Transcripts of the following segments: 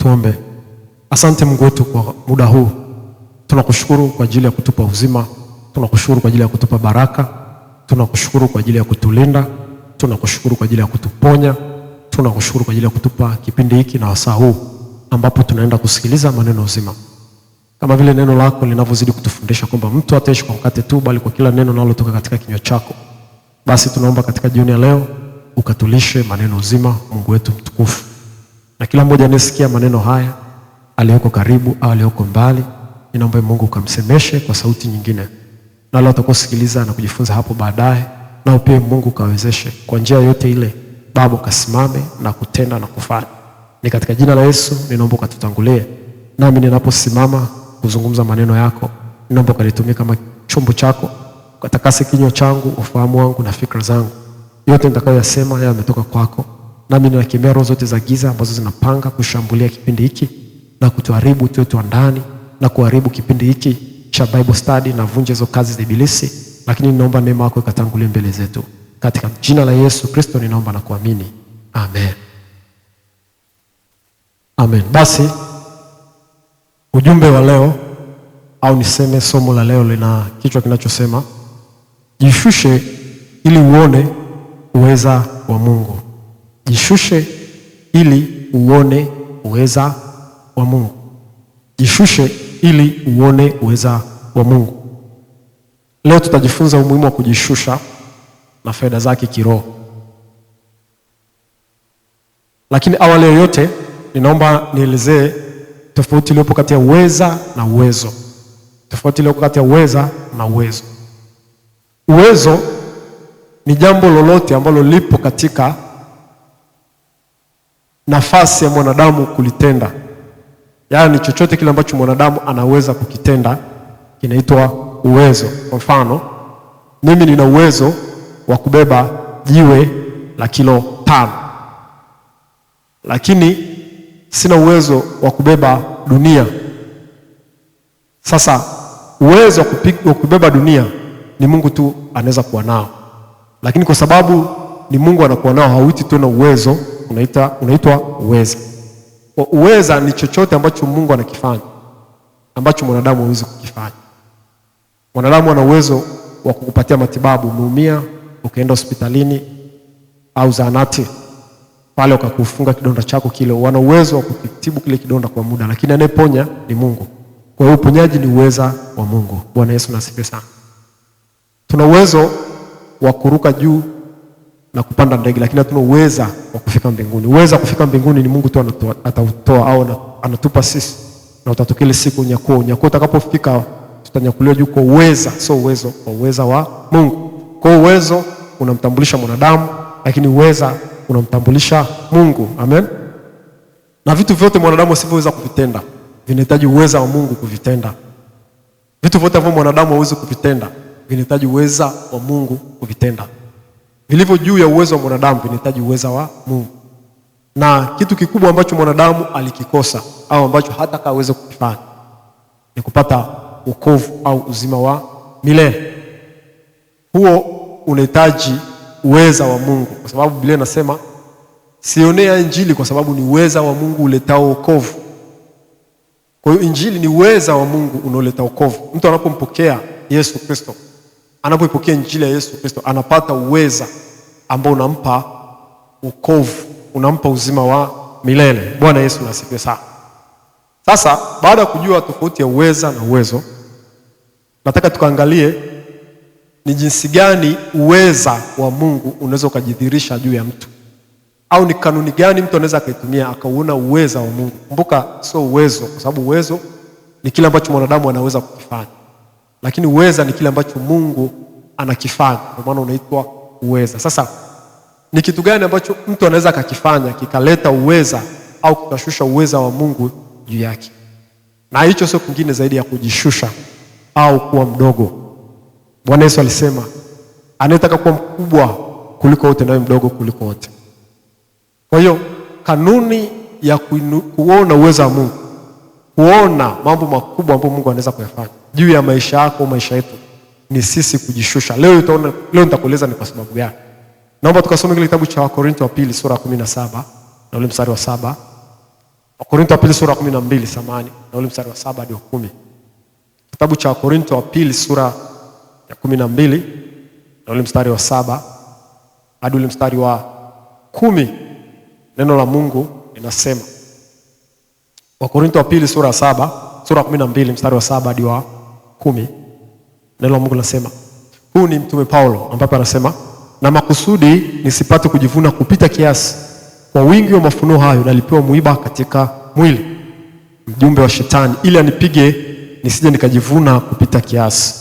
Tuombe. Asante Mungu wetu kwa muda huu, tunakushukuru kwa ajili ya kutupa uzima, tunakushukuru kwa ajili ya kutupa baraka, tunakushukuru kwa ajili ya kutulinda, tunakushukuru kwa ajili ya kutuponya, tunakushukuru kwa ajili ya kutupa kipindi hiki na wasaa huu ambapo tunaenda kusikiliza maneno uzima, kama vile neno lako linavyozidi kutufundisha kwamba mtu ataishi kwa mkate tu, bali kwa kila neno linalotoka katika kinywa chako. Basi tunaomba katika jioni ya leo ukatulishe maneno uzima, Mungu wetu mtukufu na kila mmoja anayesikia maneno haya, aliyoko karibu au aliyoko mbali, ninaomba Mungu ukamsemeshe kwa sauti nyingine, na wale watakaosikiliza na kujifunza hapo baadaye, nao pia Mungu kawezeshe kwa njia yote ile. Baba, kasimame na kutenda na kufanya. Ni katika jina la Yesu ninaomba ukatutangulie, nami ninaposimama kuzungumza maneno yako, ninaomba ukalitumia kama chombo chako, katakase kinywa changu, ufahamu wangu na fikra zangu, yote nitakayoyasema yametoka kwako nami ninakemea roho zote za giza ambazo zinapanga kushambulia kipindi hiki na kutuharibu tuetu wa ndani na kuharibu kipindi hiki cha Bible study na vunja hizo kazi za Ibilisi, lakini ninaomba neema yako ikatangulie mbele zetu katika jina la Yesu Kristo ninaomba na kuamini amen. Amen. Basi ujumbe wa leo au niseme somo la leo lina kichwa kinachosema jishushe ili uone uweza wa Mungu. Jishushe ili uone uweza wa Mungu. Jishushe ili uone uweza wa Mungu. Leo tutajifunza umuhimu wa kujishusha na faida zake kiroho. Lakini awali ya yote, ninaomba nielezee tofauti iliyopo kati ya uweza na uwezo. Tofauti iliyopo kati ya uweza na uwezo. Uwezo ni jambo lolote ambalo lipo katika nafasi ya mwanadamu kulitenda, yaani chochote kile ambacho mwanadamu anaweza kukitenda kinaitwa uwezo. Kwa mfano, mimi nina uwezo wa kubeba jiwe la kilo tano, lakini sina uwezo wa kubeba dunia. Sasa uwezo wa kubeba dunia ni Mungu tu anaweza kuwa nao, lakini kwa sababu ni Mungu anakuwa nao, hauiti tu na uwezo unaita, unaitwa uweza. Uweza ni chochote ambacho Mungu anakifanya ambacho mwanadamu hawezi kukifanya. Mwanadamu ana uwezo wa kukupatia matibabu, umeumia ukaenda hospitalini au zahanati pale, wakakufunga kidonda chako kile, wana uwezo wa kutibu kile kidonda kwa muda, lakini anayeponya ni Mungu. Kwa hiyo uponyaji ni uweza wa Mungu. Bwana Yesu nasifiwe sana. Tuna uwezo wa kuruka juu na kupanda ndege, lakini hatuna uweza wa kufika mbinguni. Uweza wa kufika mbinguni ni Mungu tu atautoa au anatupa sisi, na utatokele siku unyakuo. Unyakuo utakapofika tutanyakuliwa juu kwa uweza, sio uwezo, kwa uweza wa Mungu. Kwa uwezo unamtambulisha mwanadamu, lakini uweza unamtambulisha Mungu. Amen. Na vitu vyote mwanadamu asivyoweza kuvitenda vinahitaji uweza wa Mungu kuvitenda. Vitu vyote ambavyo mwanadamu hawezi kuvitenda vinahitaji uweza wa Mungu kuvitenda vilivyo juu ya uwezo wa mwanadamu vinahitaji uweza wa Mungu, na kitu kikubwa ambacho mwanadamu alikikosa au ambacho hata kaweza kukifanya ni kupata wokovu au uzima wa milele. Huo unahitaji uweza wa Mungu, kwa sababu Biblia inasema sionea Injili kwa sababu ni uweza wa Mungu uletao wokovu. Kwa hiyo Injili ni uweza wa Mungu unaoleta wokovu. Mtu anapompokea Yesu Kristo anapoipokea injili ya Yesu Kristo anapata uweza ambao unampa ukovu, unampa uzima wa milele. Bwana Yesu nasifiwe sana. Sasa baada ya kujua tofauti ya uweza na uwezo, nataka tukaangalie ni jinsi gani uweza wa Mungu unaweza ukajidhirisha juu ya mtu, au ni kanuni gani mtu anaweza akaitumia akauona uweza wa Mungu. Kumbuka sio uwezo, kwa sababu uwezo ni kile ambacho mwanadamu anaweza kukifanya lakini uweza ni kile ambacho Mungu anakifanya, kwa maana unaitwa uweza. Sasa ni kitu gani ambacho mtu anaweza akakifanya kikaleta uweza au kikashusha uweza wa Mungu juu yake? Na hicho sio kingine zaidi ya kujishusha au kuwa mdogo. Bwana Yesu alisema anayetaka kuwa mkubwa kuliko wote nawe mdogo kuliko wote. Kwa hiyo kanuni ya kuona uweza wa Mungu, kuona mambo makubwa ambayo Mungu anaweza kuyafanya juu ya maisha yako, maisha yetu ni sisi kujishusha. Leo utaona, leo nitakueleza ni kwa sababu gani. Naomba tukasome kile kitabu cha Wakorinto wa pili sura ya 17 na ule mstari wa saba. Wakorinto wa pili sura ya 12, samani na ule mstari wa saba hadi wa kumi. Kitabu cha Wakorinto wa pili sura ya 12 na ule mstari wa saba hadi ule mstari wa kumi. Neno la Mungu linasema Wakorinto wa pili sura ya saba, sura ya 12 mstari wa saba hadi wa kumi neno la Mungu linasema huu ni mtume Paulo, ambapo anasema na makusudi nisipate kujivuna kupita kiasi, kwa wingi wa mafunuo hayo nalipewa mwiba katika mwili, mjumbe wa Shetani, ili anipige nisije nikajivuna kupita kiasi.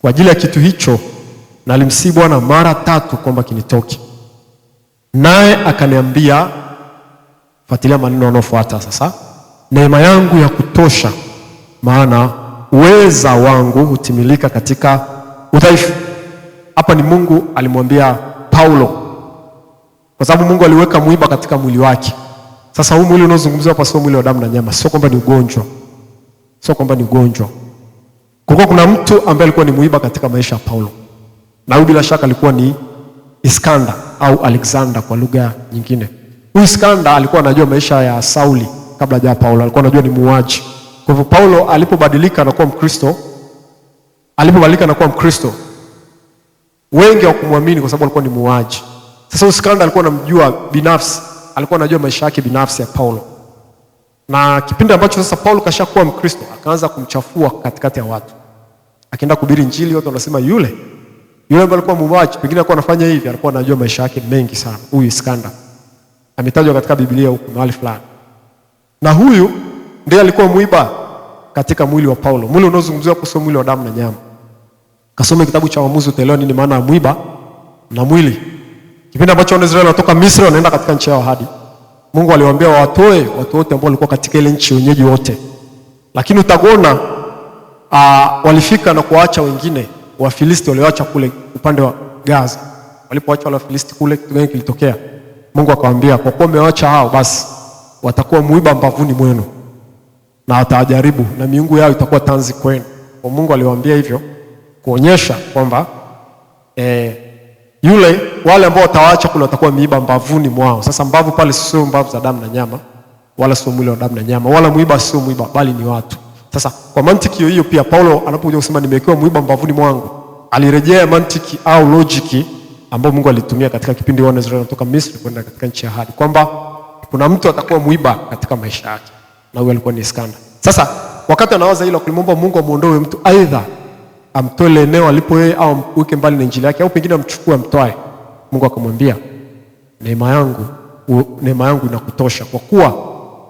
Kwa ajili ya kitu hicho nalimsii Bwana mara tatu kwamba kinitoke, naye akaniambia, fuatilia maneno yanayofuata sasa, neema yangu ya kutosha, maana uweza wangu hutimilika katika udhaifu. Hapa ni Mungu alimwambia Paulo, kwa sababu Mungu aliweka mwiba katika mwili wake. Sasa huu mwili unaozungumziwa hapa sio mwili wa damu na nyama, sio kwamba ni ugonjwa, sio kwamba ni ugonjwa. Kulikuwa kuna mtu ambaye alikuwa ni mwiba katika maisha ya Paulo, na huyu bila shaka alikuwa ni Iskanda au Alexander kwa lugha nyingine. Huyu Iskanda alikuwa anajua maisha ya Sauli kabla ya Paulo, alikuwa anajua ni muuaji kwa hivyo Paulo alipobadilika na kuwa Mkristo, alipobadilika na kuwa Mkristo, wengi hawakumwamini kwa sababu alikuwa ni muuaji. Sasa Iskanda alikuwa anamjua binafsi, alikuwa anajua maisha yake binafsi ya Paulo, na kipindi ambacho sasa Paulo kashakuwa Mkristo akaanza kumchafua katikati ya watu, akienda kuhubiri Injili, watu wanasema yule yule ambaye alikuwa muuaji, pengine alikuwa anafanya hivi, alikuwa anajua maisha yake mengi sana. Huyu Iskanda ametajwa katika Biblia huko mahali fulani, na huyu ndiye alikuwa mwiba katika mwili wa Paulo, mwili unaozungumziwa kusio mwili wa damu na nyama. Kasome kitabu cha Waamuzi utaelewa nini maana ya mwiba na mwili. Kipindi ambacho wana Israeli wanatoka Misri wanaenda katika nchi yao ahadi, Mungu aliwaambia watoe watu wote ambao walikuwa katika ile nchi, wenyeji wote, lakini utagona uh, walifika na kuwaacha wengine Wafilisti walioacha kule upande wa Gaza. Walipoacha wale Wafilisti kule, kitu gani kilitokea? Mungu akamwambia, kwa kuwa mmewaacha hao, basi watakuwa mwiba mbavuni mwenu na atawajaribu na miungu yao itakuwa tanzi kwenu. Kwa Mungu aliwaambia hivyo kuonyesha kwamba e, yule wale ambao watawaacha kuna watakuwa miiba mbavuni mwao. Sasa mbavu pale sio mbavu za damu na nyama, wala sio mwili wa damu na nyama, wala mwiba sio mwiba, bali ni watu. Sasa kwa mantiki hiyo pia Paulo anapokuja kusema nimewekewa mwiba mbavuni mwangu, alirejea mantiki au logiki ambayo Mungu alitumia katika kipindi wa Israeli kutoka Misri kwenda katika nchi ya ahadi, kwamba kuna mtu atakuwa mwiba katika maisha yake na huyo alikuwa ni Iskanda. Sasa wakati anawaza hilo, kulimwomba Mungu amuondoe mtu, aidha amtoe eneo alipo yeye au amweke mbali na injili yake, au pengine amchukue amtoe. Mungu akamwambia, neema yangu neema yangu inakutosha, kwa kuwa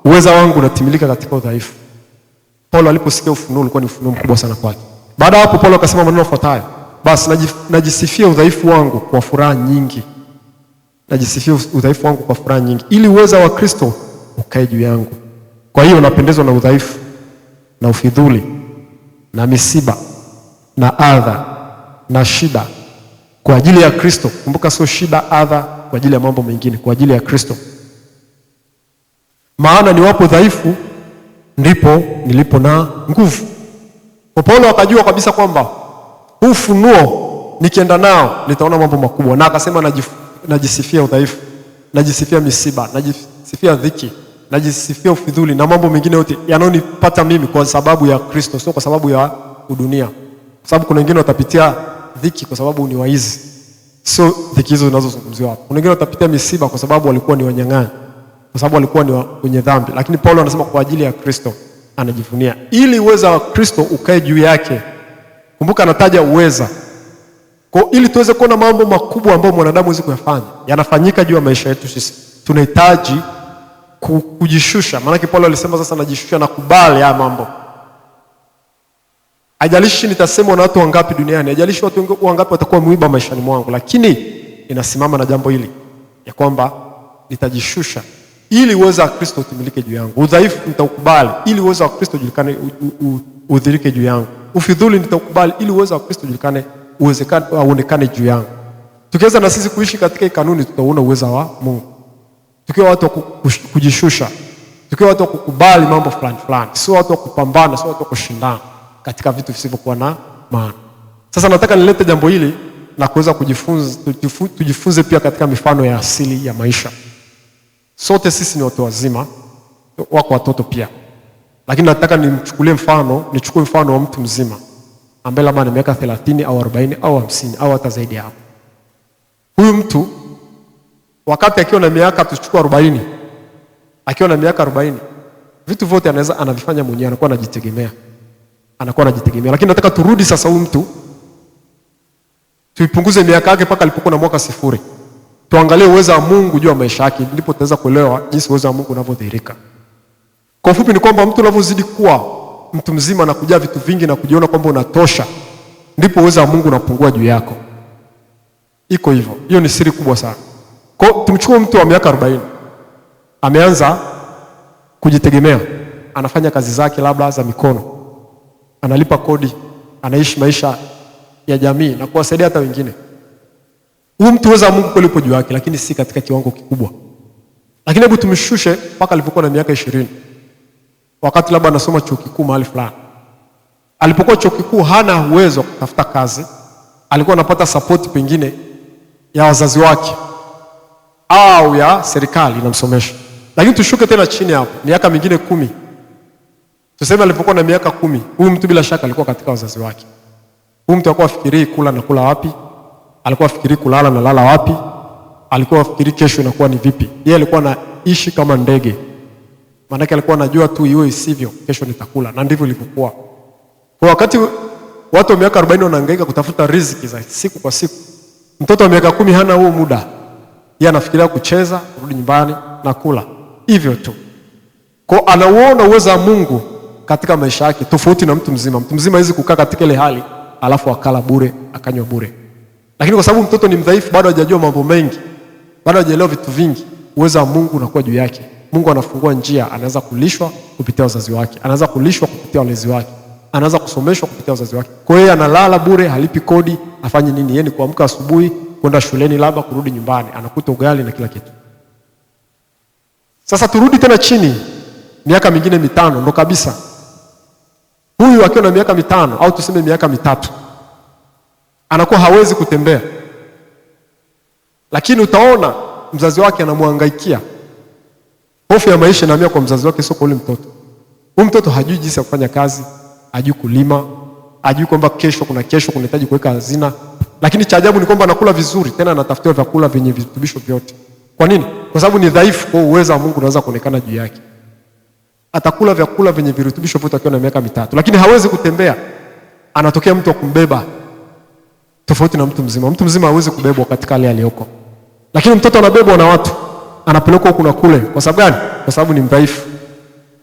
uweza wangu unatimilika katika udhaifu. Paulo aliposikia ufunuo, ulikuwa ni ufunuo mkubwa sana kwake. Baada hapo, Paulo akasema maneno yafuatayo: basi najisifia udhaifu wangu kwa furaha nyingi, najisifia udhaifu wangu kwa furaha nyingi, ili uweza wa Kristo ukae juu yangu. Kwa hiyo unapendezwa na udhaifu na ufidhuli na misiba na adha na shida kwa ajili ya Kristo. Kumbuka, sio shida, adha kwa ajili ya mambo mengine, kwa ajili ya Kristo. Maana ni wapo dhaifu ndipo nilipo na nguvu. Kwa Paulo akajua kabisa kwamba huu ufunuo nikienda nao nitaona mambo makubwa, na akasema najisifia udhaifu, najisifia misiba, najisifia dhiki najisifia ufidhuli na mambo mengine yote yanayonipata mimi kwa sababu ya Kristo, sio kwa sababu ya udunia, kwa sababu kuna wengine watapitia dhiki kwa sababu ni waizi, sio dhiki hizo zinazozungumziwa hapa. Kuna wengine watapitia misiba kwa sababu walikuwa ni wanyang'anyi, kwa sababu walikuwa ni wenye dhambi, lakini Paulo anasema kwa ajili ya Kristo anajivunia, ili uweza wa Kristo ukae juu yake. Kumbuka anataja uweza kwa, ili tuweze kuona mambo makubwa ambayo mwanadamu hawezi kuyafanya yanafanyika juu ya maisha yetu sisi, tunahitaji kujishusha. Maanake Paulo alisema sasa, najishusha na kubali haya mambo. Ajalishi nitasemwa na watu wangapi duniani, ajalishi watu wangapi watakuwa mwiba maishani mwangu, lakini inasimama na jambo hili ya kwamba nitajishusha ili uweza wa Kristo utimilike juu yangu. Udhaifu nitaukubali ili uweza wa Kristo ujulikane, udhirike juu yangu. Ufidhuli nitaukubali ili uweza wa Kristo ujulikane, uwezekane, aonekane juu yangu. Tukiweza na sisi kuishi katika kanuni, tutauona uweza wa Mungu tukiwa watu wa kujishusha, tukiwa watu wa kukubali mambo fulani fulani, sio watu wa kupambana, sio watu wa kushindana katika vitu visivyokuwa na maana. Sasa nataka nilete jambo hili na kuweza kujifunza, tujifunze pia katika mifano ya asili ya maisha. Sote sisi ni watu wazima, wako watoto pia, lakini nataka nimchukulie mfano, nichukue mfano wa mtu mzima ambaye labda ana miaka 30 au 40 au 50 au hata zaidi hapo. Huyu mtu wakati akiwa na miaka tuchukua 40 akiwa na miaka 40 vitu vyote anaweza anavifanya mwenyewe, anakuwa anajitegemea, anakuwa anajitegemea. Lakini nataka turudi sasa, huyu mtu tuipunguze miaka yake mpaka alipokuwa na mwaka sifuri, tuangalie uwezo wa Mungu juu ya maisha yake, ndipo tutaweza kuelewa jinsi uwezo wa Mungu unavyodhihirika. Kwa ufupi, ni kwamba mtu unavyozidi kuwa mtu mzima na kujaa vitu vingi na kujiona kwamba unatosha, ndipo uwezo wa Mungu unapungua juu yako. Iko hivyo, hiyo ni siri kubwa sana. Kwa tumchukue mtu wa miaka 40 ameanza kujitegemea, anafanya kazi zake labda za mikono, analipa kodi, anaishi maisha ya jamii na kuwasaidia hata wengine. Huyu mtu uweza Mungu kweli upo juu yake, lakini si katika kiwango kikubwa. Lakini hebu tumshushe mpaka alipokuwa na miaka ishirini, wakati labda anasoma chuo kikuu mahali fulani. Alipokuwa chuo kikuu, hana uwezo wa kutafuta kazi, alikuwa anapata sapoti pengine ya wazazi wake au ya serikali inamsomesha. Lakini tushuke tena chini hapo, miaka mingine kumi, tuseme alipokuwa na miaka kumi, huyu mtu bila shaka alikuwa katika wazazi wake. Huyu mtu alikuwa afikirii kula na kula wapi, alikuwa afikirii kulala na lala wapi, alikuwa afikirii kesho inakuwa ni vipi. Yeye alikuwa anaishi kama ndege, maanake alikuwa anajua tu iwe isivyo, kesho nitakula, na ndivyo ilivyokuwa. Kwa wakati watu wa miaka 40 wanahangaika kutafuta riziki za siku kwa siku, mtoto wa miaka kumi hana huo muda yeye anafikiria kucheza, kurudi nyumbani na kula hivyo tu. Kwa anauona uwezo wa Mungu katika maisha yake, tofauti na mtu mzima. Mtu mzima hawezi kukaa katika ile hali alafu akala bure akanywa bure, lakini kwa sababu mtoto ni mdhaifu, bado hajajua mambo mengi, bado hajaelewa vitu vingi, uwezo wa Mungu unakuwa juu yake. Mungu anafungua njia, anaweza kulishwa kupitia wazazi wake, anaweza kulishwa kupitia walezi wake, anaweza kusomeshwa kupitia wazazi wake. Kwa hiyo analala bure, halipi kodi, afanye nini? Yeye ni kuamka asubuhi kwenda shuleni labda kurudi nyumbani, anakuta ugali na kila kitu. Sasa turudi tena chini miaka mingine mitano, ndo kabisa huyu akiwa na miaka mitano au tuseme miaka mitatu anakuwa hawezi kutembea, lakini utaona mzazi wake anamwangaikia. Hofu ya maisha inaamia kwa mzazi wake, sio kwa ule mtoto. Huyu mtoto hajui jinsi ya kufanya kazi, hajui kulima, hajui kwamba kesho kuna kesho kunahitaji kuweka hazina. Lakini cha ajabu ni kwamba anakula vizuri, tena anatafutiwa vyakula vyenye virutubisho vyote. Kwa nini? Kwa sababu ni dhaifu, kwa uwezo wa Mungu unaweza kuonekana juu yake. Atakula vyakula vyenye virutubisho vyote akiwa na miaka mitatu, lakini hawezi kutembea. Anatokea mtu akumbeba, tofauti na mtu mzima. Mtu mzima hawezi kubebwa katika hali aliyoko, lakini mtoto anabebwa na watu, anapelekwa huku na kule. Kwa sababu gani? Kwa sababu ni mdhaifu.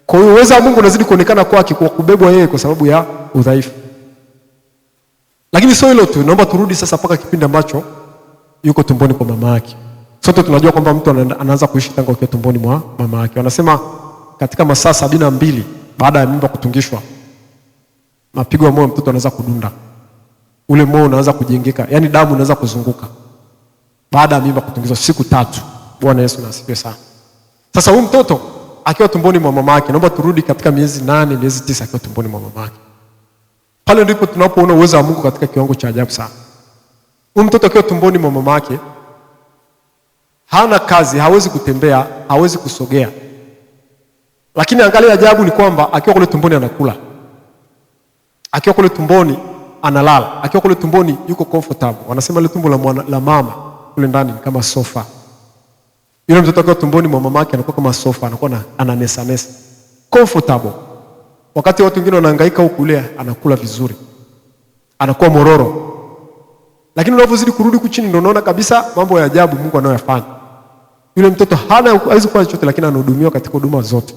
Kwa hiyo uwezo wa Mungu unazidi kuonekana kwake kwa kubebwa yeye, kwa sababu ya udhaifu. Lakini sio hilo tu, naomba turudi sasa mpaka kipindi ambacho yuko tumboni kwa mama yake. Sote tunajua kwamba mtu anaanza kuishi tangu akiwa tumboni mwa mama yake. Wanasema katika masaa sabini na mbili baada ya mimba kutungishwa, mapigo ya moyo mtoto anaanza kudunda, ule moyo unaanza kujengeka, yaani damu inaanza kuzunguka baada ya mimba kutungishwa, siku tatu. Bwana Yesu na asifiwe sana. Sasa huyu mtoto akiwa tumboni mwa mama yake, naomba turudi katika miezi nane, miezi tisa akiwa tumboni mwa mama yake pale ndipo tunapoona uwezo wa Mungu katika kiwango cha ajabu sana. Huyu mtoto akiwa tumboni mwa mama yake hana kazi, hawezi kutembea, hawezi kusogea, lakini angalia, ajabu ni kwamba akiwa kule tumboni anakula, akiwa kule tumboni analala, akiwa kule tumboni yuko comfortable. Wanasema ile tumbo la, mwana, la mama kule ndani ni kama sofa. Yule mtoto akiwa tumboni mwa mama yake anakuwa kama sofa, anakuwa ananesanesa, comfortable Wakati watu wengine wanahangaika huku kulea, anakula vizuri, anakuwa mororo, lakini unavyozidi kurudi kuchini ndio unaona kabisa mambo ya ajabu Mungu anayoyafanya. Yule mtoto hana hawezi kuwa chochote, lakini anahudumiwa katika huduma zote.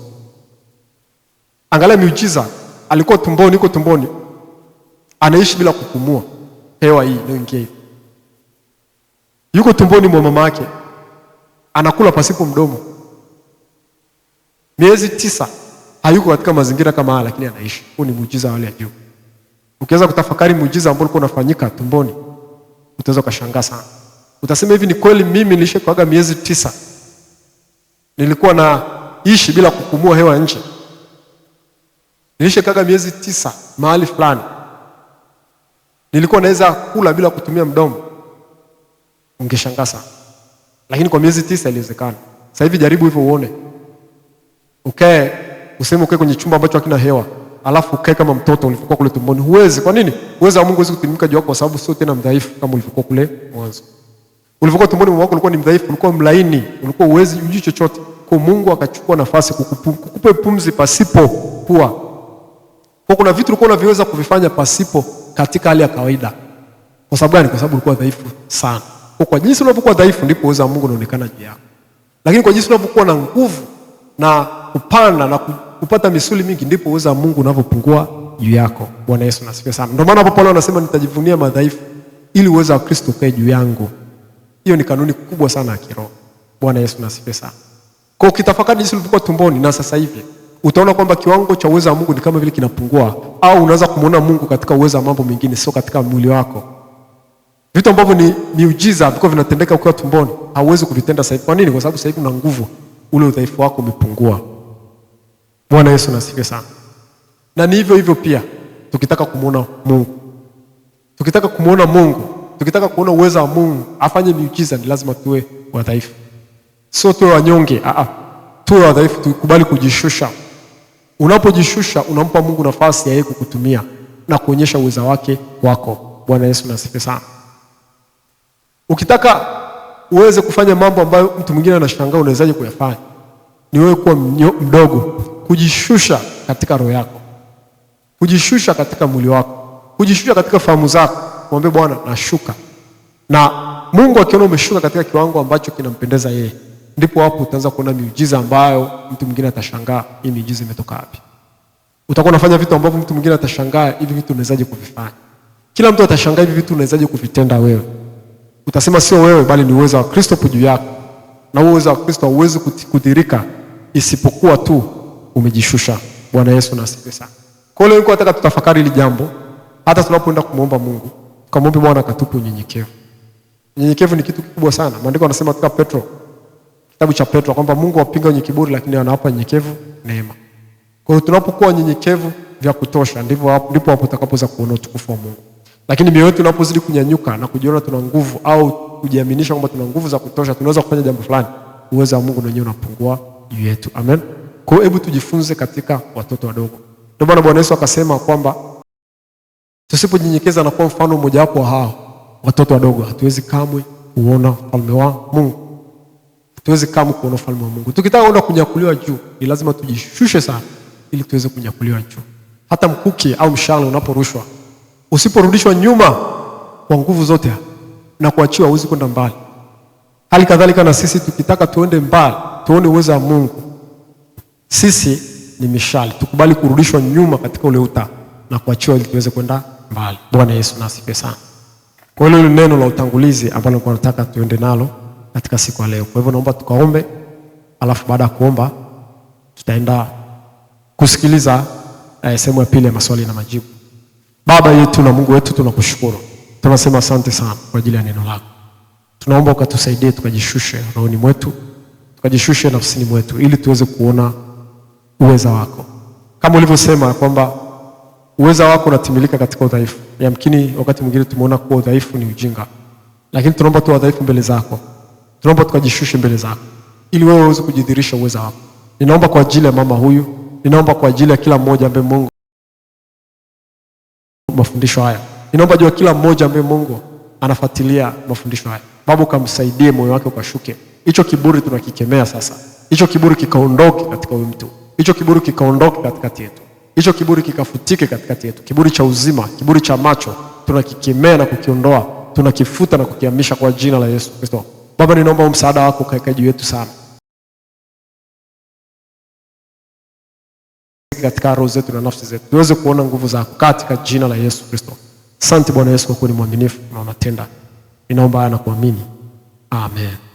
Angalia miujiza, alikuwa tumboni, iko tumboni, anaishi bila kupumua, hewa hii inayoingia hivi, yuko tumboni mwa mama yake, anakula pasipo mdomo, miezi tisa hayuko katika mazingira kama haya, lakini anaishi. Huu ni muujiza ya juu. Ukiweza kutafakari muujiza ambao ulikuwa unafanyika tumboni, utaweza kushangaa sana. Utasema hivi, ni kweli mimi nilishikwaga miezi tisa, nilikuwa naishi bila kupumua hewa nje, nilishikaga miezi tisa mahali fulani, nilikuwa naweza kula bila kutumia mdomo. Ungeshangaa sana, lakini kwa miezi tisa iliwezekana. Sasa hivi jaribu hivyo uone, ukae okay. Useme ukae kwenye chumba ambacho hakina hewa, alafu ukae kama mtoto ulivyokuwa kule tumboni, huwezi. Kwa nini? Uwezo wa Mungu huwezi kutimika juu yako, kwa sababu sio tena mdhaifu kama ulivyokuwa kule mwanzo. Ulivyokuwa tumboni mwako ulikuwa ni mdhaifu, ulikuwa mlaini, ulikuwa uwezi ujui chochote. Kwa Mungu akachukua nafasi kukupu, kukupe pumzi pasipo pua. Kwa kuna vitu ulikuwa unaviweza kuvifanya pasipo katika hali ya kawaida. Kwa sababu gani? Kwa sababu ulikuwa dhaifu sana. Kwa kwa jinsi unavyokuwa dhaifu ndipo uwezo wa Mungu unaonekana juu yako. Lakini kwa jinsi unavyokuwa na nguvu na kupanda na ku kupata misuli mingi, ndipo uwezo wa Mungu unavyopungua juu yako. Bwana Yesu nasifiwe sana. Ndio maana hapo Paulo anasema nitajivunia madhaifu ili uwezo wa Kristo ukae juu yangu. Hiyo ni kanuni kubwa sana ya kiroho. Bwana Yesu nasifiwe sana. Kwa ukitafakari jinsi ulivyokuwa tumboni na sasa hivi, utaona kwamba kiwango cha uwezo wa Mungu ni kama vile kinapungua, au unaweza kumuona Mungu katika uwezo wa mambo mengine, sio katika mwili wako. Vitu ambavyo ni miujiza viko vinatendeka ukiwa tumboni, hauwezi kuvitenda sasa hivi. Kwa nini? Kwa sababu sasa hivi una nguvu, ule udhaifu wako umepungua. Bwana Yesu nasifiwe sana. Na ni hivyo hivyo pia tukitaka kumwona Mungu, tukitaka kumwona Mungu, tukitaka kuona uwezo wa Mungu afanye miujiza, ni lazima tuwe wadhaifu, sio tuwe wanyonge. Aa, tuwe wadhaifu, tukubali kujishusha. Unapojishusha unampa Mungu nafasi ya yeye kukutumia na kuonyesha uweza wake wako. Bwana Yesu nasifiwe sana. Ukitaka uweze kufanya mambo ambayo mtu mwingine anashangaa unawezaje kuyafanya, ni wewe kuwa mdogo kujishusha katika roho yako, kujishusha katika mwili wako, kujishusha katika fahamu zako, mwambie Bwana nashuka. Na Mungu akiona umeshuka katika kiwango ambacho kinampendeza yeye, ndipo hapo utaanza kuona miujiza ambayo mtu mwingine atashangaa, hii miujiza imetoka wapi? Utakuwa unafanya vitu ambavyo mtu mwingine atashangaa, hivi vitu unawezaje kuvifanya? Kila mtu atashangaa, hivi vitu unawezaje kuvitenda wewe? Utasema sio wewe, bali ni uwezo wa Kristo juu yako, na uwezo wa Kristo hauwezi kudhirika isipokuwa tu umejishusha. Bwana Yesu na asifiwe sana. Kwa hiyo leo nataka tutafakari hili jambo, hata tunapoenda kumwomba Mungu, kamwombe Bwana akatupe unyenyekevu. Unyenyekevu ni kitu kikubwa sana. Maandiko yanasema katika Petro, kitabu cha Petro kwamba Mungu apinga wenye kiburi, lakini anawapa unyenyekevu neema. Kwa hiyo tunapokuwa unyenyekevu vya kutosha, ndivyo ndipo hapo tutakapoweza kuona utukufu wa Mungu. Lakini mioyo yetu inapozidi kunyanyuka na kujiona tuna nguvu au kujiaminisha kwamba tuna nguvu za kutosha, tunaweza kufanya jambo fulani, uwezo wa Mungu wenyewe unapungua juu yetu. Amen. Kwa hiyo hebu tujifunze katika watoto wadogo. Ndio maana Bwana Yesu akasema kwamba tusipojinyenyekeza na kuwa mfano mmojawapo wa hao watoto wadogo, hatuwezi kamwe kuona ufalme wa Mungu, hatuwezi kamwe kuona ufalme wa Mungu. Tukitaka kwenda kunyakuliwa juu, ni lazima tujishushe sana, ili tuweze kunyakuliwa juu. Hata mkuki au mshale unaporushwa, usiporudishwa nyuma kwa nguvu zote na kuachiwa, huwezi kwenda mbali. Hali kadhalika na sisi tukitaka tuende mbali, tuone uwezo wa Mungu sisi ni mishale, tukubali kurudishwa nyuma katika ule uta na kuachiwa ili tuweze kwenda mbali. Bwana Yesu na asifiwe sana. Kwa hiyo ni neno la utangulizi ambalo nilikuwa nataka tuende nalo katika siku ya leo. Kwa hivyo naomba tukaombe, alafu baada ya kuomba tutaenda kusikiliza eh, sehemu ya pili ya maswali na majibu. Baba yetu na Mungu wetu, tunakushukuru, tunasema asante sana kwa ajili ya neno lako. Tunaomba ukatusaidie, tukajishushe rohoni mwetu, tukajishushe nafsini mwetu, ili tuweze kuona uweza wako, kama ulivyosema kwamba uweza wako unatimilika katika udhaifu. Yamkini wakati mwingine tumeona kuwa udhaifu ni ujinga, lakini tunaomba tu udhaifu mbele zako, tunaomba tukajishushe mbele zako ili wewe uweze kujidhirisha uweza wako. Ninaomba kwa ajili ya mama huyu, ninaomba kwa ajili ya kila mmoja ambaye Mungu mafundisho haya, ninaomba jua kila mmoja ambaye Mungu anafuatilia mafundisho haya, Baba ukamsaidie, moyo wake ukashuke. Hicho kiburi tunakikemea sasa, hicho kiburi kikaondoke katika huyu mtu hicho kiburi kikaondoke katikati yetu, hicho kiburi kikafutike katikati yetu. Kiburi cha uzima, kiburi cha macho tunakikemea na kukiondoa, tunakifuta na kukiamisha kwa jina la Yesu Kristo. Baba, ninaomba msaada wako katika juu yetu sana, katika roho zetu na nafsi zetu, tuweze kuona nguvu zako katika jina la Yesu Kristo. Asante Bwana Yesu kwa kuwa ni mwaminifu na unatenda. Ninaomba haya na kuamini, amen.